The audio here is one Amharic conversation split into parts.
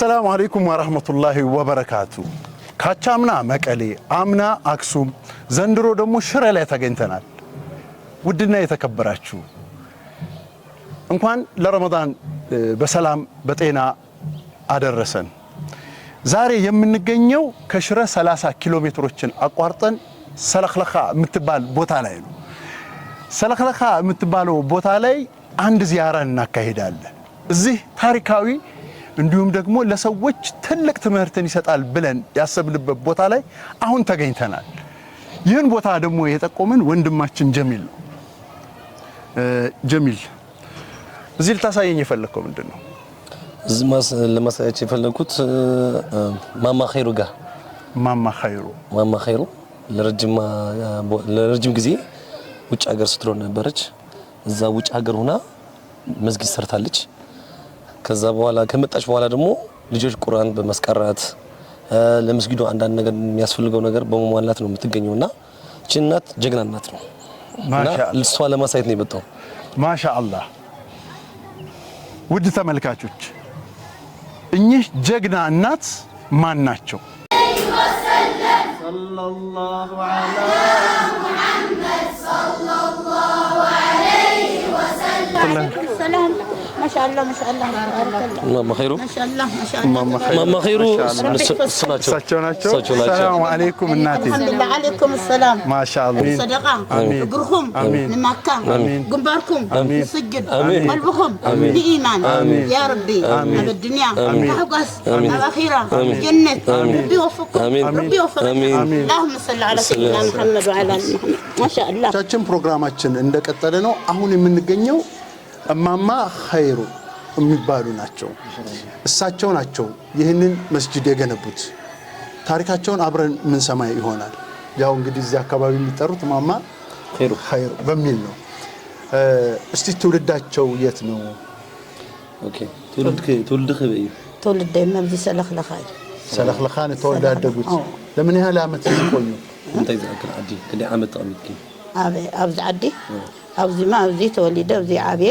አሰላሙ አለይኩም ወረህመቱላሂ ወበረካቱ። ካቻምና መቀሌ፣ አምና አክሱም፣ ዘንድሮ ደግሞ ሽረ ላይ ተገኝተናል። ውድና የተከበራችሁ እንኳን ለረመዳን በሰላም በጤና አደረሰን። ዛሬ የምንገኘው ከሽረ 30 ኪሎ ሜትሮችን አቋርጠን ሰለክለካ የምትባል ቦታ ላይ ነው። ሰለክለካ የምትባለው ቦታ ላይ አንድ ዚያራን እናካሄዳለን። እዚህ ታሪካዊ እንዲሁም ደግሞ ለሰዎች ትልቅ ትምህርትን ይሰጣል ብለን ያሰብንበት ቦታ ላይ አሁን ተገኝተናል። ይህን ቦታ ደግሞ የጠቆመን ወንድማችን ጀሚል ነው። ጀሚል እዚህ ልታሳየኝ የፈለግከው ምንድን ነው? እዚህ ለማሳያቸው የፈለግኩት ማማ ኸይሩ ጋር ማማ ኸይሩ ማማ ኸይሩ ለረጅም ጊዜ ውጭ ሀገር ስትኖር ነበረች። እዛ ውጭ ሀገር ሆና መስጊድ ሰርታለች። ከዛ በኋላ ከመጣች በኋላ ደግሞ ልጆች ቁርአን በመስቀራት ለመስጊዱ አንዳንድ ነገር የሚያስፈልገው ነገር በመሟላት ነው የምትገኘው። እና እቺ እናት ጀግና እናት ነው። እሷ ለማሳየት ነው የመጣው። ማሻ አላህ። ውድ ተመልካቾች እኚህ ጀግና እናት ማን ናቸው? ሰለላሁ ዐለይሂ ወሰለም ما شاء الله ما شاء الله شاء الله اللهم خيره ما شاء الله ما شاء الله اللهم خيره الله السلام عليكم الناتي الحمد لله عليكم السلام ما شاء الله صدقة امين قرهم امين نماكا امين قنباركم امين سجد امين قلبكم امين الايمان امين يا ربي امين الدنيا امين احقس الاخيرة جنة ربي يوفقكم ربي يوفقكم اللهم صل على سيدنا محمد وعلى ما شاء الله ቻችን ፕሮግራማችን እንደቀጠለ ነው። አሁን የምንገኘው እማማ ኸይሩ የሚባሉ ናቸው። እሳቸው ናቸው ይህንን መስጅድ የገነቡት። ታሪካቸውን አብረን የምንሰማ ይሆናል። ያው እንግዲህ እዚህ አካባቢ የሚጠሩት ማማ ኸይሩ በሚል ነው። እስቲ ትውልዳቸው የት ነው? ትውልደ መብዚ ሰለክለኻይ ሰለክለኻን ተወልደ ያደጉት። ለምን ያህል ዓመት እንታይ ዝኣክል ዓዲ ክንደይ ዓመት ኣብዚ ዓዲ ኣብዚ ማ ኣብዚ ተወሊደ ኣብዚ ዓብየ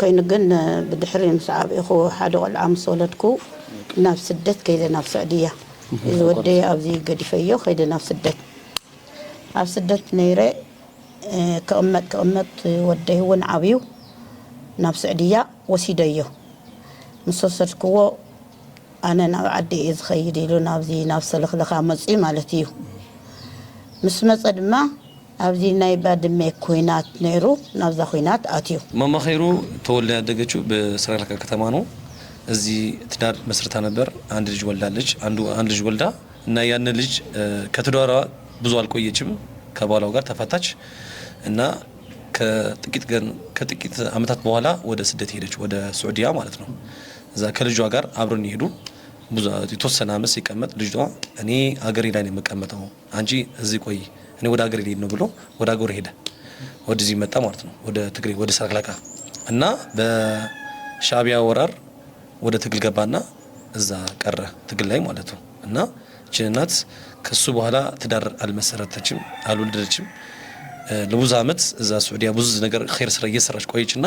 ኮይኑ ግን ብድሕሪ ምስ ዓብኢኹ ሓደ ቆልዓ ምስ ወለድኩ ናብ ስደት ከይደ ናብ ስዕድያ እዚ ወደይ ኣብዚ ገዲፈዮ ከይደ ናብ ስደት ኣብ ስደት ነይረ ክቕመጥ ክቕመጥ ወደይ እውን ዓብዩ ናብ ስዕድያ ወሲደዮ ምስ ወሰድክዎ ኣነ ናብ ዓዲ እየ ዝኸይድ ኢሉ ናብዚ ናብ ሰለክለካ መፅኡ ማለት እዩ ምስ መፀ ድማ ኣብዚ ናይ ባድመ ኩናት ነይሩ ናብዛ ኩናት ኣትዩ መማኸሩ ተወልዳ ያደገችው በሰራይልካ ከተማ ነው። እዚ ትዳር መስርታ ነበር። አንድ ልጅ ወልዳለች። አንድ ልጅ ወልዳ እና ያን ልጅ ከትዳሯ ብዙ አልቆየችም። ከባሏ ጋር ተፋታች እና ከጥቂት ገን ከጥቂት አመታት በኋላ ወደ ስደት ሄደች፣ ወደ ሱዑዲያ ማለት ነው። እዛ ከልጇ ጋር አብረን ይሄዱ የተወሰነ ዓመት ሲቀመጥ ልጇ እኔ አገሬ ላይ ነው የምቀመጠው አንቺ እዚህ ቆይ እኔ ወደ ሀገር ሄድ ነው ብሎ ወደ ሀገር ሄደ፣ ወደዚህ መጣ ማለት ነው፣ ወደ ትግሬ ወደ ሳቅላቃ እና በሻቢያ ወራር ወደ ትግል ገባና እዛ ቀረ ትግል ላይ ማለት ነው። እና እችን እናት ከሱ በኋላ ትዳር አልመሰረተችም፣ አልወለደችም። ለብዙ አመት እዛ ሱዑዲያ ብዙ ነገር ኸይር ስራ እየሰራች ቆየች እና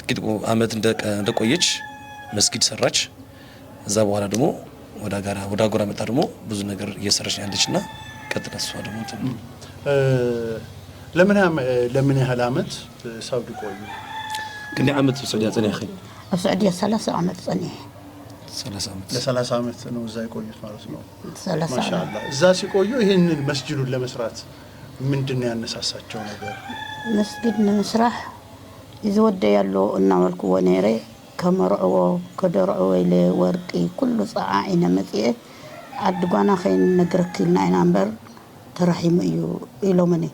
ጥቂት አመት እንደቆየች መስጊድ ሰራች። እዛ በኋላ ደግሞ ወደ ጋራ ወደ አጎራ መጣ ደግሞ ብዙ ነገር እየሰራች ያለች እና ቀጥታ ደግሞ ለምን ያህል አመት ሳውዲ ቆዩ? ክንደይ ዓመት ብሳዑድያ ፀኒሕኺ? ኣብ ሳዑድያ ሰላሳ ዓመት ፀኒሐ። ለሰላሳ ዓመት ነው እዛ የቆዩት ማለት ነው። ማሻላ እዛ ሲቆዩ ይህንን መስጅዱን ለመስራት ምንድን ነው ያነሳሳቸው ነገር? መስጊድ ንምስራሕ ዝወደያሉ እናበልክዎ ነይረ ከመርዕዎ ከደርዕዎ ኢለ ወርቂ ኩሉ ፀዓዒነ መፅአ ኣድጓና ጓና ከይንነግረኪ ኢልና ኢና እምበር ተራሒሙ እዩ ኢሎምኒ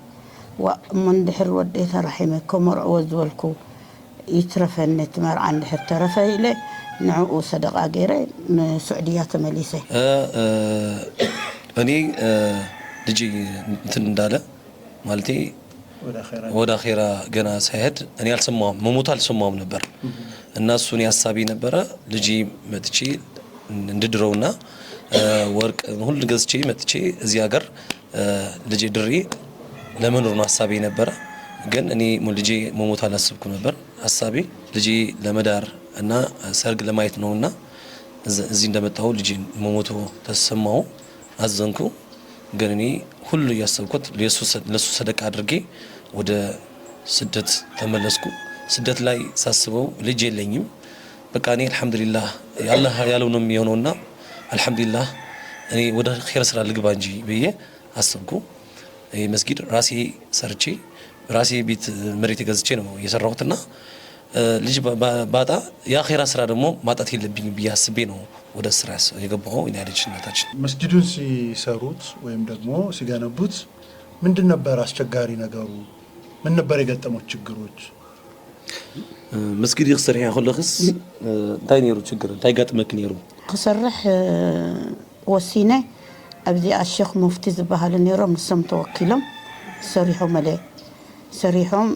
እሞ እንድሕር ወደ ተራሒመ ከመርዕዎ ዝበልኩ ይትረፈኒ ቲ መርዓ ንድሕር ተረፈ ኢለ ንዕኡ ሰደቃ ገይረ ንስዑድያ ተመሊሰ እኔ ልጅ እንትን እንዳለ ማለት ወደ ኼራ ገና ሳይሄድ እኔ አልሰማሁም፣ መሞት አልሰማሁም ነበር እና እሱ እኔ ሀሳቢ ነበረ ልጂ መጥቼ እንድድረውና ወርቅ ሁሉ ገዝቼ መጥቼ እዚህ ሀገር ልጄ ድሬ ለመኖር ነው ሀሳቤ ነበረ። ግን እኔ ልጄ መሞት አላስብኩ ነበር። ሀሳቤ ልጄ ለመዳር እና ሰርግ ለማየት ነው እና እዚህ እንደመጣሁ ልጄ መሞቱ ተሰማው፣ አዘንኩ። ግን እኔ ሁሉ እያሰብኩት ለሱ ሰደቃ አድርጌ ወደ ስደት ተመለስኩ። ስደት ላይ ሳስበው ልጅ የለኝም። በቃ እኔ አልሐምዱሊላህ ያለው ነው የሚሆነውና አልሐምዱሊላህ እኔ ወደ ኸይር ስራ ልግባ እንጂ ብዬ አሰብኩ። መስጊድ ራሴ ሰርቼ ራሴ ቤት መሬት ገዝቼ ነው የሰራሁትና ልጅ ባጣ ያ ኸይራ ስራ ደግሞ ማጣት የለብኝ ብዬ አስቤ ነው ወደ ስራ የገባው። እናታችን መስጊዱን ሲሰሩት ወይም ደግሞ ሲገነቡት ምንድን ነበር አስቸጋሪ ነገሩ? ምን ነበር የገጠሙት ችግሮች? መስጊድ ይኽስር ያ ሁለኽስ እንታይ ነይሩ ችግር እንታይ ገጥመክ ነይሩ ክሰርሕ ወሲነ ኣብዚ ኣሸክ ሙፍቲ ዝበሃሉ ነይሮም ንሶም ተወኪሎም ሰሪሖም ለ ሰሪሖም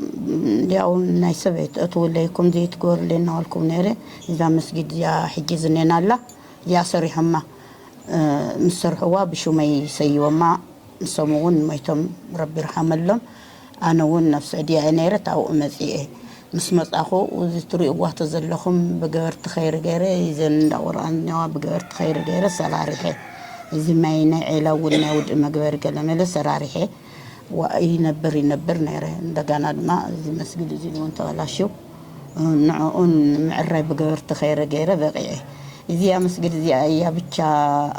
ያው ናይ ሰብ እትውለይኩም ዘይትገበሩለ እናበልኩም ነይረ እዛ መስጊድ እያ ሕጂ ዝኔና ኣላ እያ ሰሪሖማ ምስ ሰርሕዋ ብሹመይ ሰይቦማ ንሶም እውን ሞይቶም ረቢ ርሓመሎም ኣነ እውን ነፍሲ ዕድያ እየ ነይረት ኣብኡ መፅአ ምስ መፃኹ እዚ ትሪእዋቶ ዘለኹም ብገበርቲ ኸይሪ ገይረ እዘን እንዳቁርኣኛዋ ብገበርቲ ኸይሪ ገይረ ሰራርሐ እዚ ማይ ናይ ዒላ እውን ናይ ውድእ መግበሪ ገለ መለ ሰራርሐ ይነብር ይነብር ነይረ እንደገና ድማ እዚ መስጊድ እዚ እውን ተበላሽው ንዕኡን ምዕራይ ብገበርቲ ኸይረ ገይረ በቂዐ እዚኣ መስጊድ እዚኣ እያ ብቻ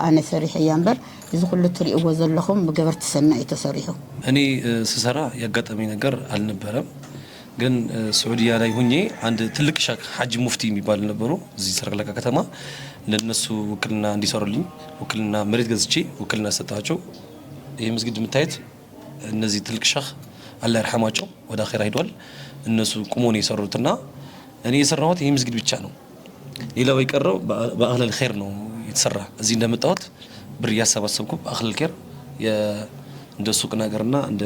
ኣነ ሰሪሐ እያ እምበር እዚ ኩሉ ትሪእዎ ዘለኹም ብገበርቲ ሰናይ እዩ ተሰሪሑ እኔ ስሰራ የጋጠሚ ነገር ኣልነበረም ግን ሱዑዲያ ላይ ሁኜ አንድ ትልቅ ሻክ ሀጅ ሙፍቲ የሚባል ነበሩ እዚህ ሰረቅላቃ ከተማ ለነሱ ውክልና እንዲሰሩልኝ ውክልና መሬት ገዝቼ ውክልና ሰጣቸው። ይህ መስጊድ የምታየት እነዚህ ትልቅ ሻክ አላ ይርሐማቸው ወደ አኼራ ሂዷል። እነሱ ቁሞ ነው የሰሩትና እኔ የሰራሁት ይህ መስጊድ ብቻ ነው። ሌላው የቀረው በአህለል ኸይር ነው የተሰራ። እዚህ እንደመጣሁት ብር እያሰባሰብኩ በአህለል ኸይር እንደ ሱቅ ነገርና እንደ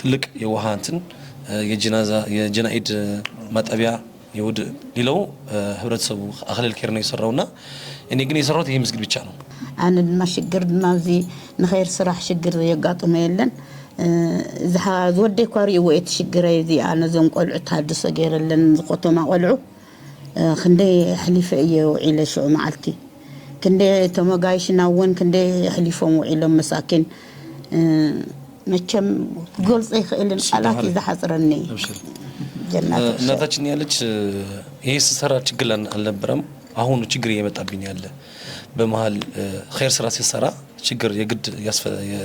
ትልቅ የውሃ እንትን የጀናኢድ ማጠቢያ የውድ ሌላው ህብረተሰቡ አክለል ኬር ነው የሰራውና እኔ ግን የሰራሁት ይህ መስጊድ ብቻ ነው። ኣነ ድማ ሽግር ድማ እዚ ንኸይር ስራሕ ሽግር የጋጥሞ የለን ዝወደይ ኳሪኡ ወይ እቲ ሽግረ እዚኣ ነዞም ቆልዑ ታድሶ ገይረለን ዝቆቶማ ቆልዑ ክንደይ ኣሕሊፈ እየ ውዒለ ሽዑ መዓልቲ ክንደይ ተመጋይሽና እውን ክንደይ ኣሕሊፎም ውዒሎም መሳኪን መቸም ጎልፀ ይኽእልን ቃላት እዩ ዝሓፅረኒ እናታችን ያለች ይሄ ስሰራ ችግር አልነበረም። አሁኑ ችግር እየመጣብኝ ያለ በመሀል ኸይር ስራ ሲሰራ ችግር የግድ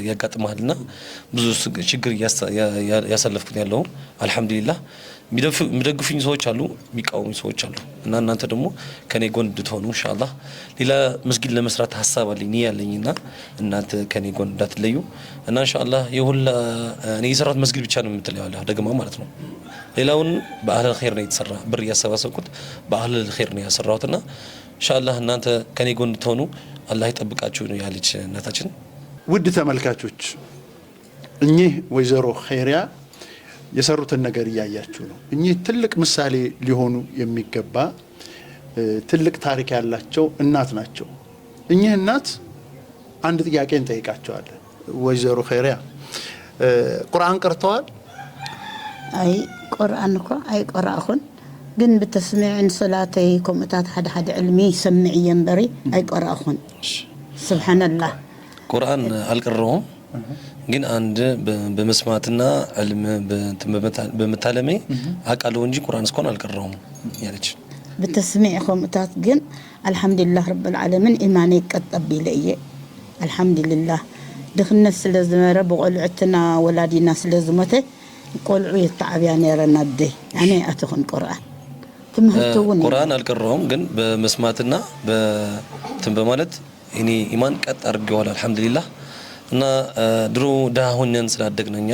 ያጋጥመሃልና ብዙ ችግር እያሳለፍኩት ያለው አልሐምዱሊላህ የሚደግፉኝ ሰዎች አሉ፣ የሚቃወሙኝ ሰዎች አሉ እና እናንተ ደግሞ ከኔ ጎን እንድትሆኑ እንሻላ ሌላ መስጊድ ለመስራት ሀሳብ አለኝ ያለኝ እና እናንተ ከኔ ጎን እንዳትለዩ እና እንሻላ የሁላ እኔ የሰራት መስጊድ ብቻ ነው የምትለው ደግማ ማለት ነው። ሌላውን በአህለል ኸይር ነው የተሰራ ብር እያሰባሰብኩት በአህለል ኸይር ነው ያሰራሁት ያሰራሁትና እንሻላ እናንተ ከኔ ጎን እንድትሆኑ አላህ ይጠብቃችሁ ነው ያለች እናታችን። ውድ ተመልካቾች እኚህ ወይዘሮ ኸይሪያ የሰሩትን ነገር እያያችሁ ነው። እኚህ ትልቅ ምሳሌ ሊሆኑ የሚገባ ትልቅ ታሪክ ያላቸው እናት ናቸው። እኚህ እናት አንድ ጥያቄ እንጠይቃቸዋለን። ወይዘሮ ኸይሪያ ቁርአን ቀርተዋል? አይ ቁርአን እኳ አይ ቆራእኹን ግን ብተስሚዕን ሰላተይ ከምኡታት ሓደ ሓደ ዕልሚ ይሰምዕ እየ እምበሪ ኣይቆራእኹን። ስብሓናላህ ቁርአን አልቀረሁም ግን አንድ በመስማትና እልም በመታለሜ አውቃለሁ እንጂ ቁርአን እስኮን አልቀረውም ያለች ብተስሚዕ ከምኡታት ግን አልሓምዱሊላህ ረብልዓለሚን ኢማነይ ቀጠቢ ኢለ እየ አልሓምዱሊላህ ድኽነት ስለ ዝመረ ብቆልዑትና ወላዲና ስለ ዝሞተ ቆልዑ የተዓብያ ነረና ደ ኣነ ኣትኹን ቁርአን ትምህርቲ እውን ቁርአን አልቀረውም ግን በመስማትና በትን በማለት እኔ ኢማን ቀጥ አድርገዋል አልሓምዱሊላህ እና ድሮ ድሀ ሆነን ስላደግን እኛ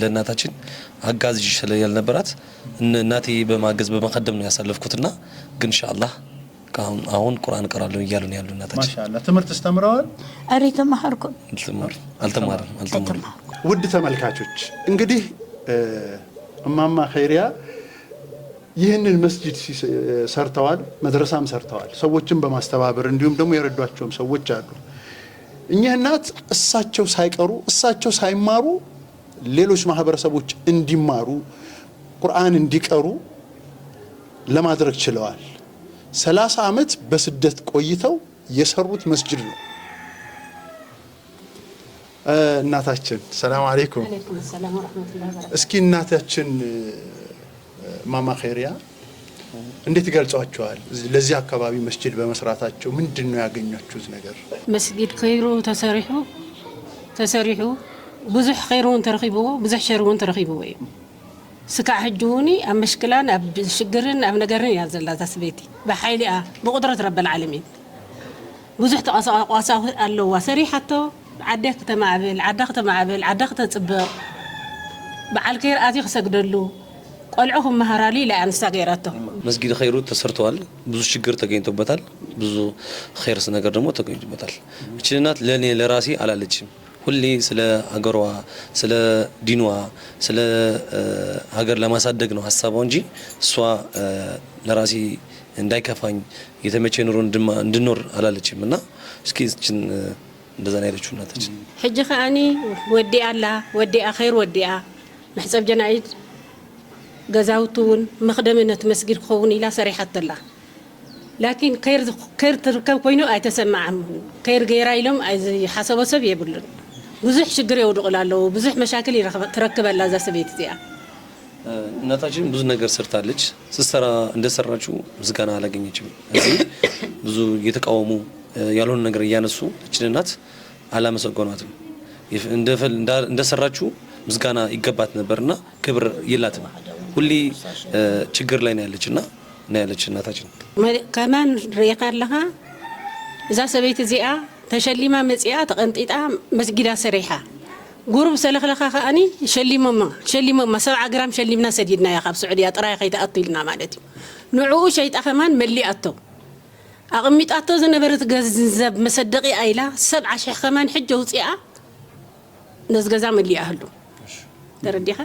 ለእናታችን አጋዝ ይችላል ያልነበራት እናቴ በማገዝ በመቀደም ነው ያሳለፍኩትና ግን ኢንሻአላህ አሁን ቁርአን እቀራለሁ እያሉ ነው ያሉ እናታችን። ማሻአላህ ትምህርት ስተምረዋል። አሪ ተማርኩ አልተማርም አልተማርም። ውድ ተመልካቾች እንግዲህ እማማ ኸይሪያ ይህንን መስጂድ ሰርተዋል፣ መድረሳም ሰርተዋል። ሰዎችን በማስተባበር እንዲሁም ደግሞ የረዷቸውም ሰዎች አሉ። እኚህ እናት እሳቸው ሳይቀሩ እሳቸው ሳይማሩ ሌሎች ማህበረሰቦች እንዲማሩ ቁርአን እንዲቀሩ ለማድረግ ችለዋል። ሰላሳ ዓመት በስደት ቆይተው የሰሩት መስጅድ ነው። እናታችን ሰላም አለይኩም። እስኪ እናታችን ማማ ኸይሪያ እንዴት ገልጿቸዋል? ለዚህ አካባቢ መስጅድ በመስራታቸው ምንድን ነው ያገኛችሁት ነገር? መስጊድ ከይሩ ተሰሪሑ ተሰሪሑ ብዙሕ ኸይር እውን ተረኺብዎ ብዙሕ ሸር እውን ተረኺብዎ እዩ ስካዕ ሕጂ እውን ኣብ መሽክላን ኣብ ሽግርን ኣብ ነገርን እያ ዘላ እዛ ሰበይቲ ብሓይሊ ኣ ብቁድረት ረበል ዓለሚን ብዙሕ ተቐሳቋሳ ኣለዋ ሰሪሓቶ ዓዳ ክተማዕብል ዓዳ ክተማዕብል ዓዳ ክተፅበቕ በዓል ከይር ኣትዩ ክሰግደሉ ቆልዑ ክመሃራሉ ኢላ ኣንስታ ገይራቶ መስጊድ ኸይሩ ተሰርተዋል። ብዙ ችግር ተገኝቶበታል። ብዙ ኸይርስ ነገር ደግሞ ተገኝቶበታል። እቺ ለእኔ ለራሴ አላለችም። ሁሌ ስለ ሀገሯ፣ ስለ ዲኗ፣ ስለ ሀገር ለማሳደግ ነው ሀሳቧ እንጂ እሷ ለራሴ እንዳይከፋኝ የተመቸ ኑሮ እንድኖር አላለችም እና እስኪ ችን እንደዛ ና ያለችው እናታችን ሕጂ ከዓኒ ወዲኣ ኣላ ወዲኣ ኸይር ወዲኣ መሕፀብ ጀናኢድ ገዛውቲ እውን መኽደሚ ነቲ መስጊድ ክኸውን ኢላ ሰሪሓት ኣላ ላኪን ከይር ትርከብ ኮይኑ ኣይተሰማዓን ከይር ገይራ ኢሎም ኣይሓሰቦ ሰብ የብሉን ብዙሕ ሽግር የውድቕል ኣለዉ ብዙሕ መሻክል ትረክበላ እዛ ሰበይት እዚኣ እናታችን ብዙ ነገር ሰርታለች። ስትሰራ እንደሰራች ምስጋና አላገኘችም። እዚህ ብዙ እየተቃወሙ ያልሆነ ነገር እያነሱ እችን እናት አላመሰገኗትም። እንደሰራችሁ ምስጋና ይገባት ነበርና ክብር የላትም። ሁሌ ችግር ላይ ነው ያለችና ነው ያለች እናታችን ከመን ሬኻ ኣለኻ እዛ ሰበይቲ እዚኣ ተሸሊማ መፅኣ ተቐንጢጣ መስጊዳ ሰሪሓ ጉሩብ ሰለክለካ ከዓኒ ሸሊሞማ ሸሊሞማ ሰብዓ ግራም ሸሊምና ሰዲድናያ ካብ ስዑድያ ጥራይ ከይተኣቱ ኢልና ማለት እዩ ንዕኡ ሸይጣ ከማን መሊኣቶ ኣቕሚጣቶ ዝነበረት ገንዘብ መሰደቂ ኣኢላ ሰብዓ ሽሕ ከማን ሕጂ ውፅኣ ነዚ ገዛ መሊኣ ህሉ ተረዲኻ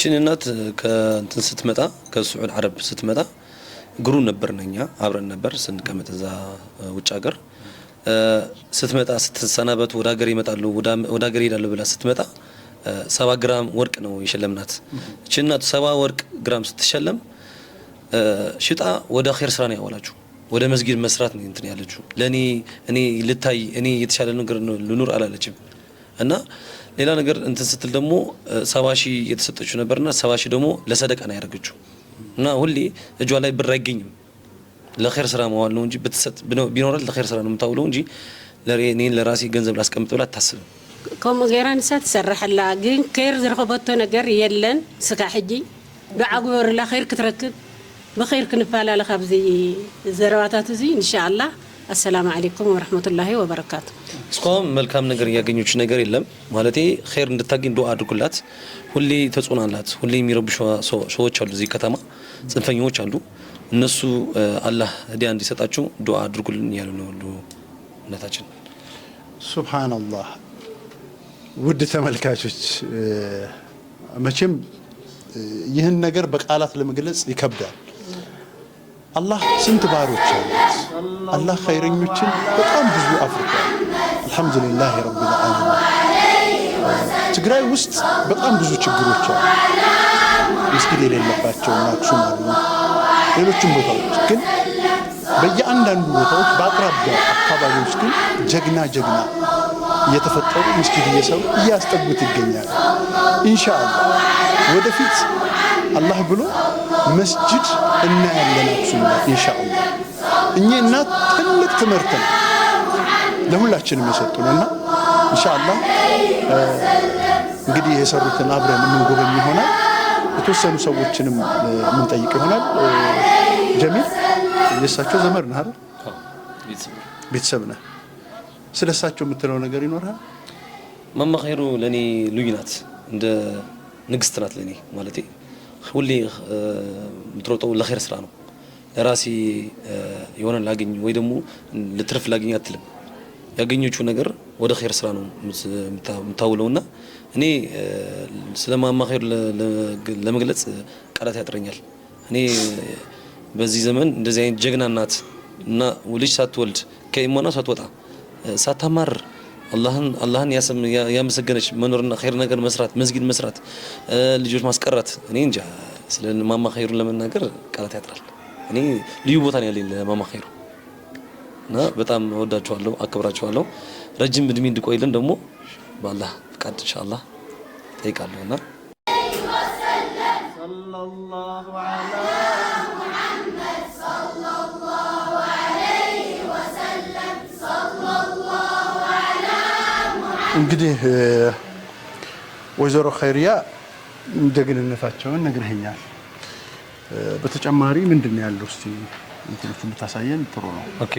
ችን እናት ከእንትን ስትመጣ ከስዑድ አረብ ስትመጣ ግሩ ነበር ነኛ አብረን ነበር ስንቀመጥ እዛ ውጭ ሀገር ስትመጣ ስትሰናበት ወደ ሀገር ይመጣሉ ወደ ሀገር ይሄዳሉ ብላ ስትመጣ ሰባ ግራም ወርቅ ነው የሸለምናት። ችን እናት ሰባ ወርቅ ግራም ስትሸለም ሽጣ ወደ ኸይር ስራ ነው ያዋላችሁ ወደ መስጊድ መስራት ነው እንትን ያለችው። ለእኔ እኔ ልታይ እኔ የተሻለ ነገር ልኑር አላለችም እና ሌላ ነገር እንትን ስትል ደግሞ ሰባ ሺህ እየተሰጠችው ነበርና ሰባ ሺህ ደግሞ ለሰደቃ ነው ያደረገችው እና ሁሌ እጇ ላይ ብር አይገኝም። ለኸይር ስራ መዋል ነው እንጂ ብትሰጥ ቢኖራት ለኸይር ስራ ነው የምታውለው እንጂ እኔን ለራሴ ገንዘብ ላስቀምጥ ብላ አታስብም። ከምኡ ገይራ ንሳ ትሰርሐላ ግን ከይር ዝረኸበቶ ነገር የለን ስካ ሕጂ ዱዓ ግበርላ ኸይር ክትረክብ ብኸይር ክንፋላለ ካብዚ ዘረባታት እዚ እንሻ አሰላሙ አሌይኩም ወረህመቱላሂ ወበረካቱ። እስካሁን መልካም ነገር እያገኘች ነገር የለም ማለቴ ኸይር እንድታገኝ ዱአ አድርጉላት። ሁሌ ተጽዕኖ ሁሌ የሚረብሹ ሰዎች አሉ፣ እዚህ ከተማ ጽንፈኞች አሉ። እነሱ አላህ ሂዳያ እንዲሰጣቸው ዱአ አድርጉልን እያሉ ነው ሁሉ እውነታችን። ሱብሃነላህ። ውድ ተመልካቾች መቼም ይህን ነገር በቃላት ለመግለጽ ይከብዳል። አላህ ስንት ባሮች አሉት። አላህ ኸይረኞችን በጣም ብዙ አፍርቷል። አልሐምዱሊላህ ረብል ዓለሚን። ትግራይ ውስጥ በጣም ብዙ ችግሮች አሉ። መስጊድ የሌለባቸው አክሱም አሉ፣ ሌሎችም ቦታዎች ግን በየአንዳንዱ ቦታዎች በአቅራቢያ አካባቢዎች ግን ጀግና ጀግና እየተፈጠሩ መስጊድ እየሰሩ እያስጠጉት ይገኛል። ኢንሻአላህ ወደፊት አላህ ብሎ መስጅድ እናያለን አክሱም ላይ እኚህ እናት ትልቅ ትምህርት ነው ለሁላችንም የሰጡ ነውና ኢንሻአላህ እንግዲህ የሰሩትን አብረን የምንጎበኝ ይሆናል። የተወሰኑ ሰዎችንም የምንጠይቅ ይሆናል። ጀሚል የእሳቸው ዘመድ ነህ አይደል? ቤተሰብ ነህ። ስለ እሳቸው የምትለው ነገር ይኖርሃል? ማማ ለእኔ ልዩ ናት፣ እንደ ንግስት ናት ለእኔ ማለቴ ሁሌ የምትሮጠው ለኸይር ስራ ነው። ለራሴ የሆነ ላገኝ ወይ ደግሞ ልትርፍ ላገኝ አትልም። ያገኘችው ነገር ወደ ኸይር ስራ ነው እና እኔ ስለማማ ኸይር ለመግለጽ ቃላት ያጥረኛል። እኔ በዚህ ዘመን እንደዚህ አይነት ጀግና እናት እና ልጅ ሳትወልድ ከኢማኗ ሳትወጣ ሳታማር አላህን አላህን ያመሰገነች መኖርና ኸይር ነገር መስራት፣ መስጊድ መስራት፣ ልጆች ማስቀራት። እኔ እንጃ ስለ ማማ ኸይሩን ለመናገር ቃላት ያጥራል። እኔ ልዩ ቦታ ነው ያለኝ ለማማ ኸይሩ እና በጣም ወዳቸዋለሁ፣ አከብራቸዋለሁ። ረጅም እድሜ እንድቆይልን ደግሞ በአላህ ፍቃድ ኢንሻአላህ ጠይቃለሁና እንግዲህ ወይዘሮ ኸይርያ ደግንነታቸውን ግንኙነታቸውን ነግረኸኛል። በተጨማሪ ምንድን ነው ያለው? እስቲ እንትኖቹን ብታሳየን ጥሩ ነው። ኦኬ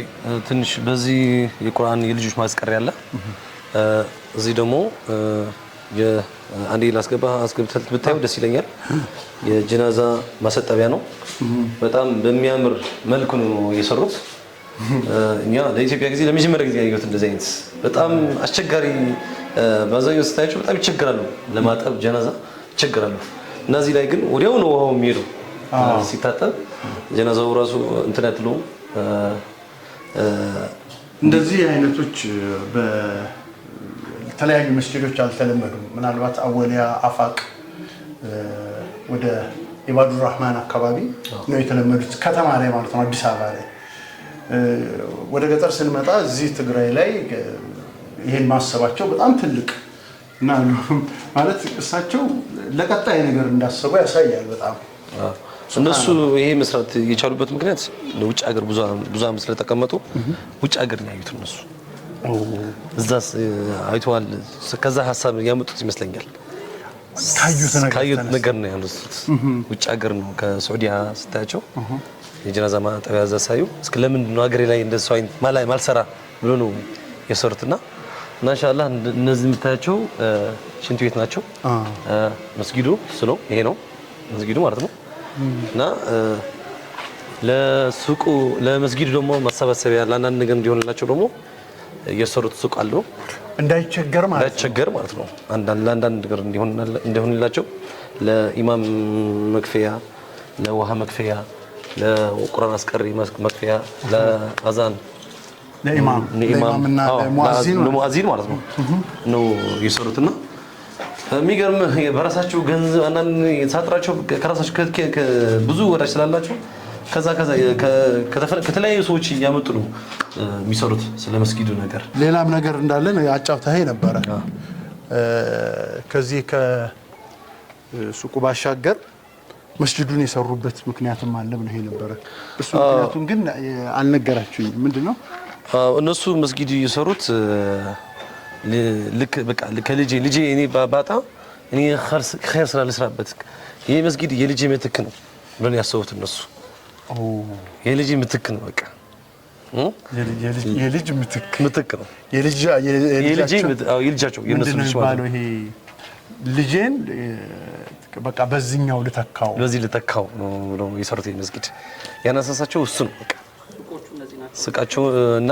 ትንሽ በዚህ የቁርአን የልጆች ማስቀሪያ አለ። እዚህ ደግሞ አንዴ ላስገባ አስገብተህ ብታየው ደስ ይለኛል። የጀናዛ ማሰጠቢያ ነው። በጣም በሚያምር መልኩ ነው የሰሩት። እኛ ለኢትዮጵያ ጊዜ ለመጀመሪያ ጊዜ ያየሁት እንደዚህ አይነት በጣም አስቸጋሪ በአብዛኛው ስታያቸው በጣም ይቸግራሉ፣ ለማጠብ ጀናዛ ይቸግራሉ። እነዚህ ላይ ግን ወዲያው ነው ውሃው የሚሄዱ ሲታጠብ፣ ጀናዛው ራሱ እንትን ያትለውም። እንደዚህ አይነቶች በተለያዩ መስጊዶች አልተለመዱም። ምናልባት አወሊያ አፋቅ ወደ ኢባዱ ራህማን አካባቢ ነው የተለመዱት ከተማ ላይ ማለት ነው አዲስ አበባ ላይ ወደ ገጠር ስንመጣ እዚህ ትግራይ ላይ ይሄን ማሰባቸው በጣም ትልቅ እና ማለት እሳቸው ለቀጣይ ነገር እንዳሰቡ ያሳያል። በጣም እነሱ ይሄ መስራት የቻሉበት ምክንያት ለውጭ ሀገር ብዙ ዓመት ስለተቀመጡ ውጭ ሀገር ነው ያዩት እነሱ እዛ አይተዋል። ከዛ ሀሳብ ያመጡት ይመስለኛል። ካዩት ነገር ነው ያሉት ውጭ ሀገር ነው ከሳዑዲያ ስታያቸው የጀናዛ ማጠቢያ እዛ ሳዩ እስከ ለምንድን ነው ሀገሬ ላይ እንደሱ አይነት ማላይ ማልሰራ ብሎ ነው የሰሩትና እና ኢንሻአላህ እነዚህ የምታያቸው ሽንት ቤት ናቸው። መስጊዱ እሱ ነው፣ ይሄ ነው መስጊዱ ማለት ነው። እና ለሱቁ ለመስጊዱ ደግሞ ማሰባሰቢያ ለአንዳንድ ነገር እንዲሆንላቸው ደግሞ የሰሩት ሱቅ አለው። እንዳይቸገር ማለት ነው እንዳይቸገር ማለት ነው። ለአንዳንድ ነገር እንዲሆንላቸው ለኢማም መክፈያ፣ ለውሃ መክፈያ ለቁርአን አስቀሪ መክፈያ፣ ለአዛን ለኢማምና ለሙአዚን ማለት ነው ነው የሰሩትና የሚገርም በራሳቸው ገንዘብ አንዳንድ ሳጥራቸው ከራሳቸው ብዙ ወዳጅ ስላላቸው ከዛ ከዛ ከተለያዩ ሰዎች እያመጡ ነው የሚሰሩት። ስለ መስጊዱ ነገር ሌላም ነገር እንዳለን አጫውተኸኝ ነበረ። ከዚህ ከሱቁ ባሻገር መስጅዱን የሰሩበት ምክንያትም አለ ብሎ ይሄ ነበረ። እሱ ምክንያቱም ግን አልነገራችሁኝ። ምንድን ነው እነሱ መስጊድ የሰሩት? ልክ በቃ ከልጄ ልጄ እኔ ባጣ እኔ ኸይር ስራ ልስራበት፣ ይሄ መስጊድ የልጄ ምትክ ነው ብለን ያሰቡት እነሱ። የልጄ ምትክ ነው በቃ የልጅ ምትክ ምትክ ነው የልጃቸው ልጄን በቃ በዚህኛው ልተካው በዚህ ልተካው ነው የሰሩት። መስጊድ ያነሳሳቸው እሱ ነው። በቃ ስቃቸው እና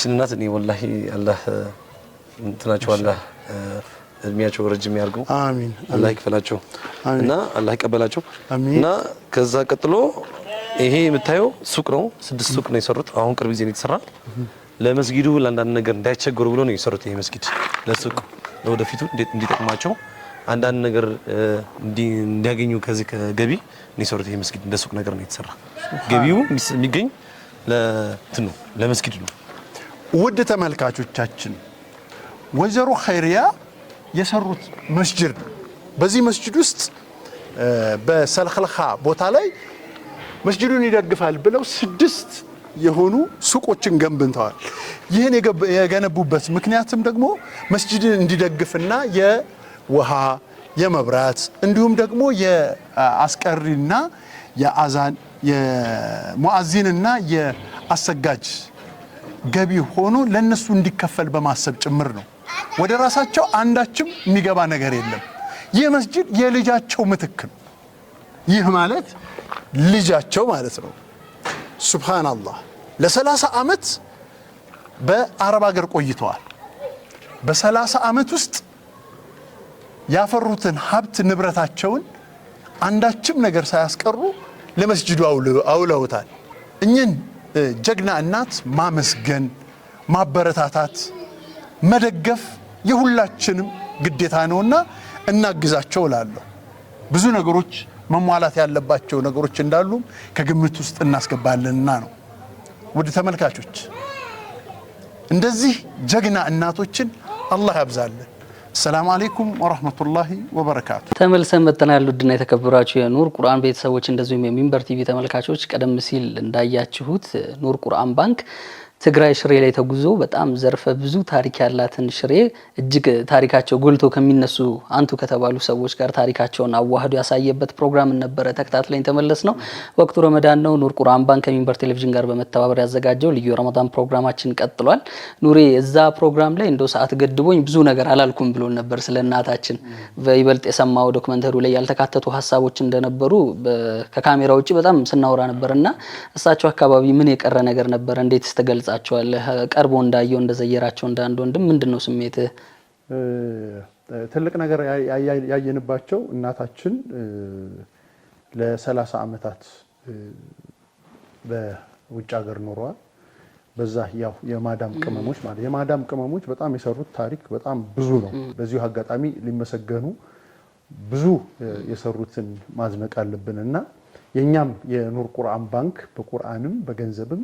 ችንናት እኔ ወላሂ አላህ እንትናቸው አላህ እድሜያቸው ረጅም ያርገው፣ አሚን። አላህ ይክፈላቸው እና አላህ ይቀበላቸው። እና ከዛ ቀጥሎ ይሄ የምታየው ሱቅ ነው። ስድስት ሱቅ ነው የሰሩት። አሁን ቅርብ ጊዜ ነው የተሰራ። ለመስጊዱ ለአንዳንድ ነገር እንዳይቸገሩ ብሎ ነው የሰሩት ይሄ መስጊድ ለሱቅ ለወደፊቱ እንዲጠቅማቸው አንዳንድ ነገር እንዲያገኙ ከዚህ ከገቢ እንዲሰሩት። ይሄ መስጊድ እንደ ሱቅ ነገር ነው የተሰራ። ገቢው የሚገኝ ለእንትን ነው ለመስጊድ ነው። ውድ ተመልካቾቻችን ወይዘሮ ኸይሪያ የሰሩት መስጅድ ነው። በዚህ መስጅድ ውስጥ በሰልኸልኻ ቦታ ላይ መስጅዱን ይደግፋል ብለው ስድስት የሆኑ ሱቆችን ገንብንተዋል። ይህን የገነቡበት ምክንያትም ደግሞ መስጅድን እንዲደግፍና የውሃ የመብራት እንዲሁም ደግሞ የአስቀሪና የአዛን የሙአዚንና የአሰጋጅ ገቢ ሆኖ ለነሱ እንዲከፈል በማሰብ ጭምር ነው። ወደ ራሳቸው አንዳችም የሚገባ ነገር የለም። ይህ መስጅድ የልጃቸው ምትክ ነው። ይህ ማለት ልጃቸው ማለት ነው። ሱብሃነላህ ለ30 ዓመት በአረብ ሀገር ቆይተዋል። በሰላሳ ዓመት ውስጥ ያፈሩትን ሀብት ንብረታቸውን አንዳችም ነገር ሳያስቀሩ ለመስጅዱ አውለውታል። እኚህን ጀግና እናት ማመስገን፣ ማበረታታት፣ መደገፍ የሁላችንም ግዴታ ነውና እናግዛቸው እላለሁ። ብዙ ነገሮች መሟላት ያለባቸው ነገሮች እንዳሉም ከግምት ውስጥ እናስገባለንና ነው። ውድ ተመልካቾች እንደዚህ ጀግና እናቶችን አላህ ያብዛል ሰላም አሌይኩም ወረህመቱላሂ ወበረካቱ። ተመልሰን መጥተናል። ውድና የተከበራችሁ የኑር ቁርአን ቤተሰቦች እንደዚሁም የሚንበር ቲቪ ተመልካቾች ቀደም ሲል እንዳያችሁት ኑር ቁርአን ባንክ ትግራይ ሽሬ ላይ ተጉዞ በጣም ዘርፈ ብዙ ታሪክ ያላትን ሽሬ እጅግ ታሪካቸው ጎልቶ ከሚነሱ አንቱ ከተባሉ ሰዎች ጋር ታሪካቸውን አዋህዶ ያሳየበት ፕሮግራም ነበረ። ተከታትለን ተመለስ ነው። ወቅቱ ረመዳን ነው። ኑር ቁርአን ባንክ ከሚንበር ቴሌቪዥን ጋር በመተባበር ያዘጋጀው ልዩ ረመዳን ፕሮግራማችን ቀጥሏል። ኑሬ እዛ ፕሮግራም ላይ እንደው ሰዓት ገድቦኝ ብዙ ነገር አላልኩም ብሎን ነበር። ስለ እናታችን በይበልጥ የሰማው ዶክመንተሪ ላይ ያልተካተቱ ሀሳቦች እንደነበሩ ከካሜራ ውጭ በጣም ስናወራ ነበር እና እሳቸው አካባቢ ምን የቀረ ነገር ነበረ? እንዴት ስተገልጽ ትገልጻቸዋለህ? ቀርቦ እንዳየው እንደዘየራቸው እንደ ወንድም ምንድን ነው ስሜትህ? ትልቅ ነገር ያየንባቸው እናታችን ለሰላሳ ዓመታት በውጭ ሀገር ኖረዋል። በዛ ያው የማዳም ቅመሞች ማለት የማዳም ቅመሞች በጣም የሰሩት ታሪክ በጣም ብዙ ነው። በዚሁ አጋጣሚ ሊመሰገኑ ብዙ የሰሩትን ማዝነቅ አለብን እና የእኛም የኑር ቁርአን ባንክ በቁርአንም በገንዘብም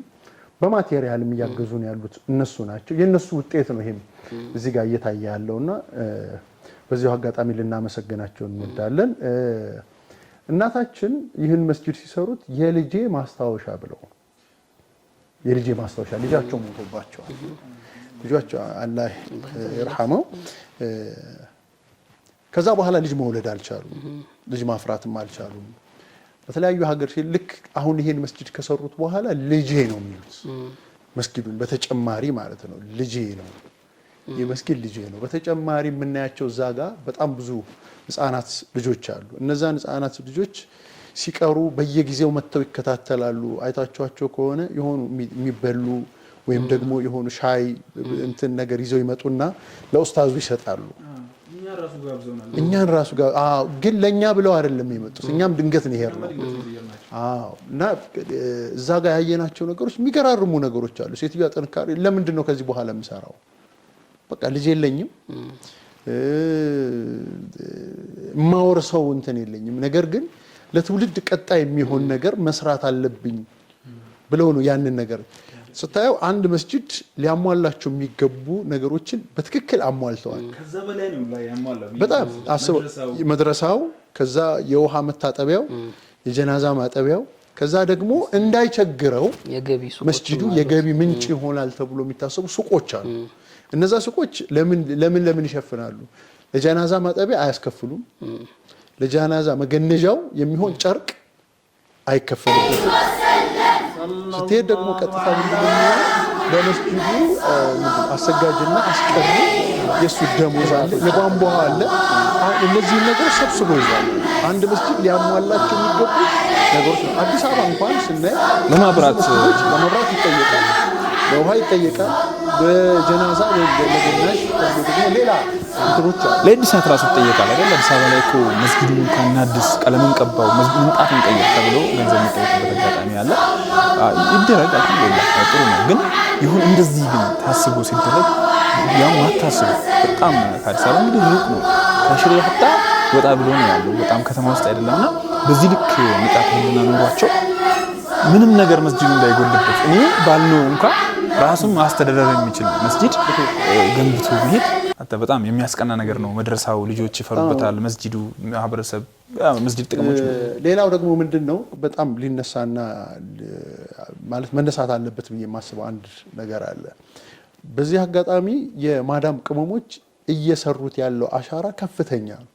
በማቴሪያልም እያገዙ ነው ያሉት እነሱ ናቸው። የእነሱ ውጤት ነው ይሄም እዚህ ጋር እየታየ ያለው እና በዚሁ አጋጣሚ ልናመሰግናቸው እንወዳለን። እናታችን ይህን መስጂድ ሲሰሩት የልጄ ማስታወሻ ብለው የልጄ ማስታወሻ ልጃቸው ሞቶባቸዋል። ልጃቸው አላህ ይርሐመው። ከዛ በኋላ ልጅ መውለድ አልቻሉም። ልጅ ማፍራትም አልቻሉም። በተለያዩ ሀገር ልክ አሁን ይሄን መስጅድ ከሰሩት በኋላ ልጄ ነው የሚሉት መስጊዱን በተጨማሪ ማለት ነው ልጄ ነው የመስጊድ ልጄ ነው። በተጨማሪ የምናያቸው እዛ ጋ በጣም ብዙ ህጻናት ልጆች አሉ። እነዛን ህጻናት ልጆች ሲቀሩ በየጊዜው መጥተው ይከታተላሉ። አይታቸኋቸው ከሆነ የሆኑ የሚበሉ ወይም ደግሞ የሆኑ ሻይ እንትን ነገር ይዘው ይመጡና ለኡስታዙ ይሰጣሉ። እኛን ራሱ ጋር ግን ለእኛ ብለው አይደለም የመጡት። እኛም ድንገት ነው ይሄር ነው እና እዛ ጋር ያየናቸው ነገሮች የሚገራርሙ ነገሮች አሉ። ሴትዮዋ ጥንካሬ ለምንድን ነው ከዚህ በኋላ የምሰራው? በቃ ልጅ የለኝም ሰው እንትን የለኝም፣ ነገር ግን ለትውልድ ቀጣይ የሚሆን ነገር መስራት አለብኝ ብለው ነው ያንን ነገር ስታየው አንድ መስጅድ ሊያሟላቸው የሚገቡ ነገሮችን በትክክል አሟልተዋል። በጣም አስበው መድረሳው፣ ከዛ የውሃ መታጠቢያው፣ የጀናዛ ማጠቢያው፣ ከዛ ደግሞ እንዳይቸግረው መስጅዱ የገቢ ምንጭ ይሆናል ተብሎ የሚታሰቡ ሱቆች አሉ። እነዛ ሱቆች ለምን ለምን ይሸፍናሉ? ለጀናዛ ማጠቢያ አያስከፍሉም። ለጀናዛ መገነዣው የሚሆን ጨርቅ አይከፈልም? ስትሄድ ደግሞ ቀጥታ በመስጂዱ አሰጋጅና አስቀሪ የእሱ ደሞዝ አለ፣ የቧንቧ አለ። እነዚህ ነገሮች ሰብስቦ ይዟል። አንድ መስጂድ ሊያሟላቸው የሚገቡ ነገሮች ነው። አዲስ አበባ እንኳን ስናየ ለማብራት ለማብራት ይጠየቃል፣ በውሃ ይጠየቃል፣ በጀናዛ ለገናሽ ደግሞ ሌላ እንትኖች አሉ። ለእድሳት ራሱ ይጠየቃል አይደል? አዲስ አበባ ላይ እኮ መስጊዱ እንኳን አዲስ ቀለምን ቀባው፣ ምንጣፍ እንቀይር ተብሎ ገንዘብ የሚጠየቅበት አጋጣሚ አለ። ይደረግ ጥሩ ነው፣ ግን ይሁን እንደዚህ ግን ታስቦ ሲደረግ ያው አታስቡ። በጣም ከአዲስ አበባ እንግዲህ ሩቅ ነው፣ ከሽሬ ሀታ ወጣ ብሎ ነው ያለው፣ በጣም ከተማ ውስጥ አይደለም። እና በዚህ ልክ ንቃት ህልና ኑሯቸው ምንም ነገር መስጂዱ እንዳይጎልበት እኔ ባለው እንኳ ራሱም ማስተዳደር የሚችል መስጂድ ገንብቶ መሄድ በጣም የሚያስቀና ነገር ነው። መድረሳው ልጆች ይፈሩበታል። መስጂዱ ማህበረሰብ መስጂድ ጥቅሞች። ሌላው ደግሞ ምንድን ነው በጣም ሊነሳና ማለት መነሳት አለበት ብዬ የማስበው አንድ ነገር አለ። በዚህ አጋጣሚ የማዳም ቅመሞች እየሰሩት ያለው አሻራ ከፍተኛ ነው።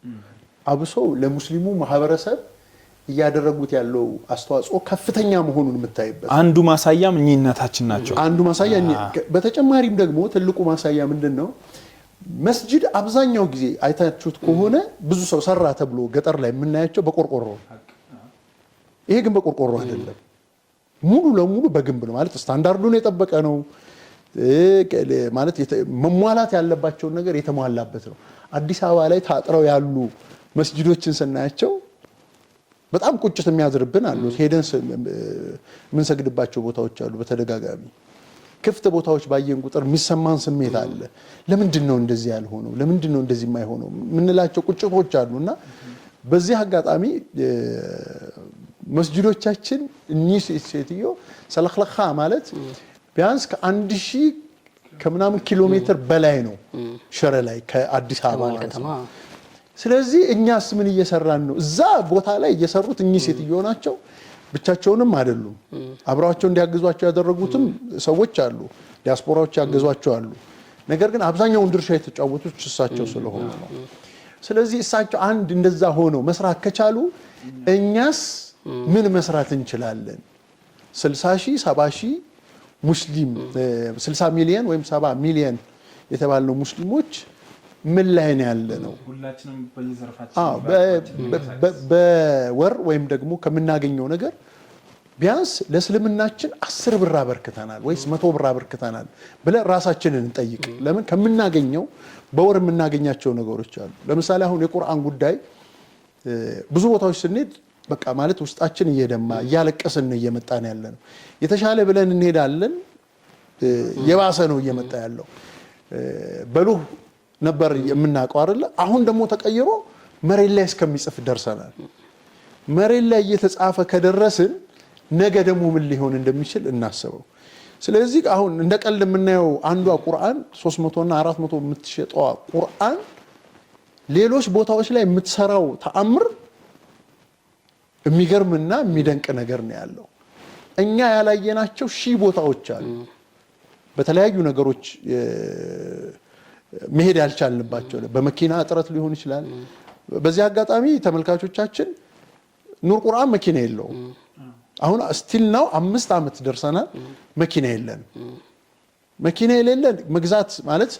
አብሶ ለሙስሊሙ ማህበረሰብ እያደረጉት ያለው አስተዋጽኦ ከፍተኛ መሆኑን የምታይበት አንዱ ማሳያም እኚህነታችን ናቸው። አንዱ ማሳያ በተጨማሪም ደግሞ ትልቁ ማሳያ ምንድን ነው መስጅድ አብዛኛው ጊዜ አይታችሁት ከሆነ ብዙ ሰው ሰራ ተብሎ ገጠር ላይ የምናያቸው በቆርቆሮ ይሄ ግን በቆርቆሮ አይደለም። ሙሉ ለሙሉ በግንብ ነው ማለት ስታንዳርዱን የጠበቀ ነው ማለት መሟላት ያለባቸውን ነገር የተሟላበት ነው። አዲስ አበባ ላይ ታጥረው ያሉ መስጅዶችን ስናያቸው በጣም ቁጭት የሚያዝርብን አሉ። ሄደን የምንሰግድባቸው ቦታዎች አሉ በተደጋጋሚ ክፍት ቦታዎች ባየን ቁጥር የሚሰማን ስሜት አለ። ለምንድን ነው እንደዚህ ያልሆነው? ለምንድን ነው እንደዚህ የማይሆነው የምንላቸው ቁጭቶች አሉ እና በዚህ አጋጣሚ መስጅዶቻችን እኚህ ሴትዮ ሰለክለካ ማለት ቢያንስ ከአንድ ሺህ ከምናምን ኪሎ ሜትር በላይ ነው ሽረ ላይ ከአዲስ አበባ ማለት ነው። ስለዚህ እኛስ ምን እየሰራን ነው? እዛ ቦታ ላይ እየሰሩት እኚህ ሴትዮ ናቸው። ብቻቸውንም አይደሉም። አብረዋቸው እንዲያግዟቸው ያደረጉትም ሰዎች አሉ፣ ዲያስፖራዎች ያገዟቸው አሉ። ነገር ግን አብዛኛውን ድርሻ የተጫወቱት እሳቸው ስለሆኑ ነው። ስለዚህ እሳቸው አንድ እንደዛ ሆነው መስራት ከቻሉ እኛስ ምን መስራት እንችላለን? 60 ሺህ 70 ሺህ ሙስሊም 60 ሚሊዮን ወይም 70 ሚሊየን የተባልነው ሙስሊሞች ምን ላይ ነው ያለ ነው። በወር ወይም ደግሞ ከምናገኘው ነገር ቢያንስ ለእስልምናችን አስር ብር አበርክተናል ወይስ መቶ ብር አበርክተናል ብለን ራሳችንን እንጠይቅ። ለምን ከምናገኘው በወር የምናገኛቸው ነገሮች አሉ። ለምሳሌ አሁን የቁርአን ጉዳይ ብዙ ቦታዎች ስንሄድ በቃ ማለት ውስጣችን እየደማ እያለቀስን እየመጣን ያለ ነው። የተሻለ ብለን እንሄዳለን፣ የባሰ ነው እየመጣ ያለው በሉህ ነበር የምናውቀው አይደለ? አሁን ደግሞ ተቀይሮ መሬት ላይ እስከሚጽፍ ደርሰናል። መሬት ላይ እየተጻፈ ከደረስን ነገ ደግሞ ምን ሊሆን እንደሚችል እናስበው። ስለዚህ አሁን እንደ ቀልድ የምናየው አንዷ ቁርአን 300 እና 400 የምትሸጠዋ ቁርአን ሌሎች ቦታዎች ላይ የምትሰራው ተአምር የሚገርምና የሚደንቅ ነገር ነው ያለው። እኛ ያላየናቸው ሺህ ቦታዎች አሉ በተለያዩ ነገሮች መሄድ ያልቻልንባቸው በመኪና እጥረት ሊሆን ይችላል። በዚህ አጋጣሚ ተመልካቾቻችን ኑር ቁርአን መኪና የለውም። አሁን ስቲል ነው አምስት ዓመት ደርሰናል። መኪና የለን መኪና የሌለን መግዛት ማለት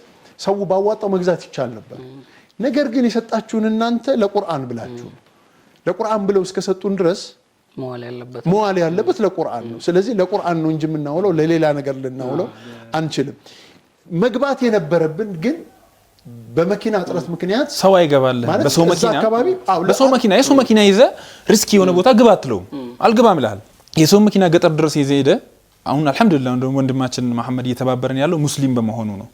ሰው ባዋጣው መግዛት ይቻል ነበር። ነገር ግን የሰጣችሁን እናንተ ለቁርአን ብላችሁ ለቁርአን ብለው እስከሰጡን ድረስ መዋል ያለበት ለቁርአን ነው። ስለዚህ ለቁርአን ነው እንጂ የምናውለው ለሌላ ነገር ልናውለው አንችልም። መግባት የነበረብን ግን በመኪና እጥረት ምክንያት ሰው አይገባል። በሰው መኪና በሰው መኪና የሰው መኪና ይዘ ሪስክ የሆነ ቦታ ግባ አትለውም። አልገባም ይልሃል። የሰው መኪና ገጠር ድረስ ይዘ ሄደ። አሁን አልሐምዱሊላህ እንደውም ወንድማችን መሐመድ እየተባበረን ያለው ሙስሊም በመሆኑ ነው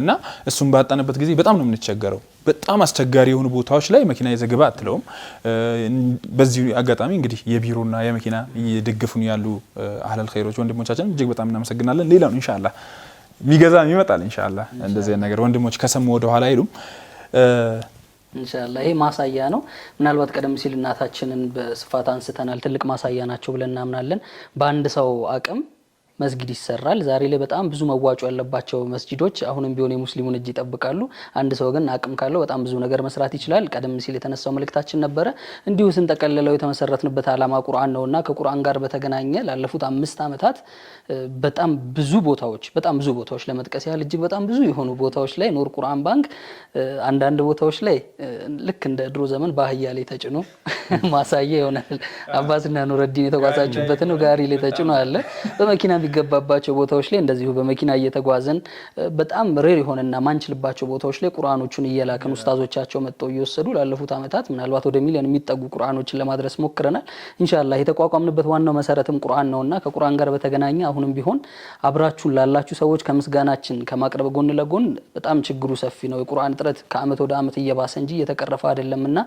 እና እሱን ባጣንበት ጊዜ በጣም ነው የምንቸገረው። በጣም አስቸጋሪ የሆኑ ቦታዎች ላይ መኪና ይዘህ ግባ አትለውም። በዚህ አጋጣሚ እንግዲህ የቢሮና የመኪና እየደገፉን ያሉ አህለል ኸይሮች ወንድሞቻችን እጅግ በጣም እናመሰግናለን። ሌላውን ኢንሻአላህ የሚገዛም ይመጣል እንሻላ እንደዚህ ነገር ወንድሞች ከሰሙ ወደ ኋላ አይሉም። እንሻላ ይሄ ማሳያ ነው። ምናልባት ቀደም ሲል እናታችንን በስፋት አንስተናል። ትልቅ ማሳያ ናቸው ብለን እናምናለን። በአንድ ሰው አቅም መስጊድ ይሰራል። ዛሬ ላይ በጣም ብዙ መዋጮ ያለባቸው መስጂዶች አሁንም ቢሆን የሙስሊሙን እጅ ይጠብቃሉ። አንድ ሰው ግን አቅም ካለው በጣም ብዙ ነገር መስራት ይችላል። ቀደም ሲል የተነሳው መልእክታችን ነበረ። እንዲሁ ስንጠቀልለው የተመሰረትንበት ዓላማ ቁርአን ነውና ከቁርአን ጋር በተገናኘ ላለፉት አምስት ዓመታት በጣም ብዙ ቦታዎች በጣም ብዙ ቦታዎች ለመጥቀስ ያህል እጅግ በጣም ብዙ የሆኑ ቦታዎች ላይ ኑር ቁርአን ባንክ አንዳንድ ቦታዎች ላይ ልክ እንደ ድሮ ዘመን ባህያ ላይ ተጭኖ ማሳያ ይሆናል። አባስና ኑረዲን የተጓዛችሁበትን ጋሪ ላይ ተጭኖ አለ በመኪና የሚገባባቸው ቦታዎች ላይ እንደዚሁ በመኪና እየተጓዝን በጣም ሬር የሆነና ማንችልባቸው ቦታዎች ላይ ቁርአኖቹን እየላክን ውስታዞቻቸው መጥተው እየወሰዱ ላለፉት ዓመታት ምናልባት ወደ ሚሊዮን የሚጠጉ ቁርአኖችን ለማድረስ ሞክረናል። እንሻላ የተቋቋምንበት ዋናው መሰረትም ቁርአን ነውና ከቁርአን ጋር በተገናኘ አሁንም ቢሆን አብራችሁን ላላችሁ ሰዎች ከምስጋናችን ከማቅረብ ጎን ለጎን በጣም ችግሩ ሰፊ ነው። የቁርአን እጥረት ከአመት ወደ አመት እየባሰ እንጂ እየተቀረፈ አይደለምና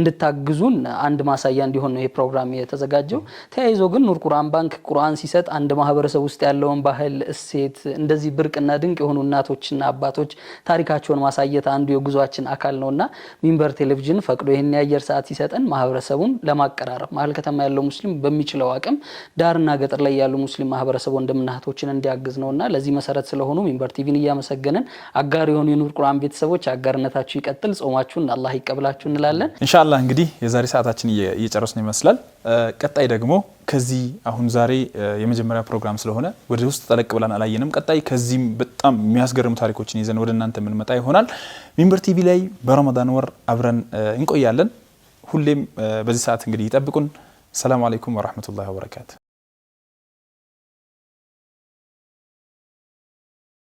እንድታግዙን አንድ ማሳያ እንዲሆን ነው ይሄ ፕሮግራም የተዘጋጀው። ተያይዞ ግን ኑር ቁርአን ባንክ ቁርአን ሲሰጥ አንድ ማህበረሰቡ ውስጥ ያለውን ባህል፣ እሴት እንደዚህ ብርቅና ድንቅ የሆኑ እናቶችና አባቶች ታሪካቸውን ማሳየት አንዱ የጉዟችን አካል ነውና ሚንበር ቴሌቪዥን ፈቅዶ ይህን የአየር ሰዓት ሲሰጠን ማህበረሰቡን ለማቀራረብ መሀል ከተማ ያለው ሙስሊም በሚችለው አቅም ዳርና ገጠር ላይ ያሉ ሙስሊም ማህበረሰብ ወንድምና እህቶችን እንዲያግዝ እና ለዚህ መሰረት ስለሆኑ ሚንበር ቲቪን እያመሰገንን አጋር የሆኑ የኑር ቁርአን ቤተሰቦች አጋርነታችሁ ይቀጥል፣ ጾማችሁን አላህ ይቀብላችሁ እንላለን። እንሻላ እንግዲህ የዛሬ ሰዓታችን እየጨረስን ይመስላል። ቀጣይ ደግሞ ከዚህ አሁን ዛሬ የመጀመሪያ ፕሮግራም ስለሆነ ወደ ውስጥ ጠለቅ ብላን አላየንም። ቀጣይ ከዚህም በጣም የሚያስገርሙ ታሪኮችን ይዘን ወደ እናንተ የምንመጣ ይሆናል። ሚንበር ቲቪ ላይ በረመዳን ወር አብረን እንቆያለን። ሁሌም በዚህ ሰዓት እንግዲህ ይጠብቁን። ሰላም አለይኩም ወረህመቱላሂ ወበረካቱ።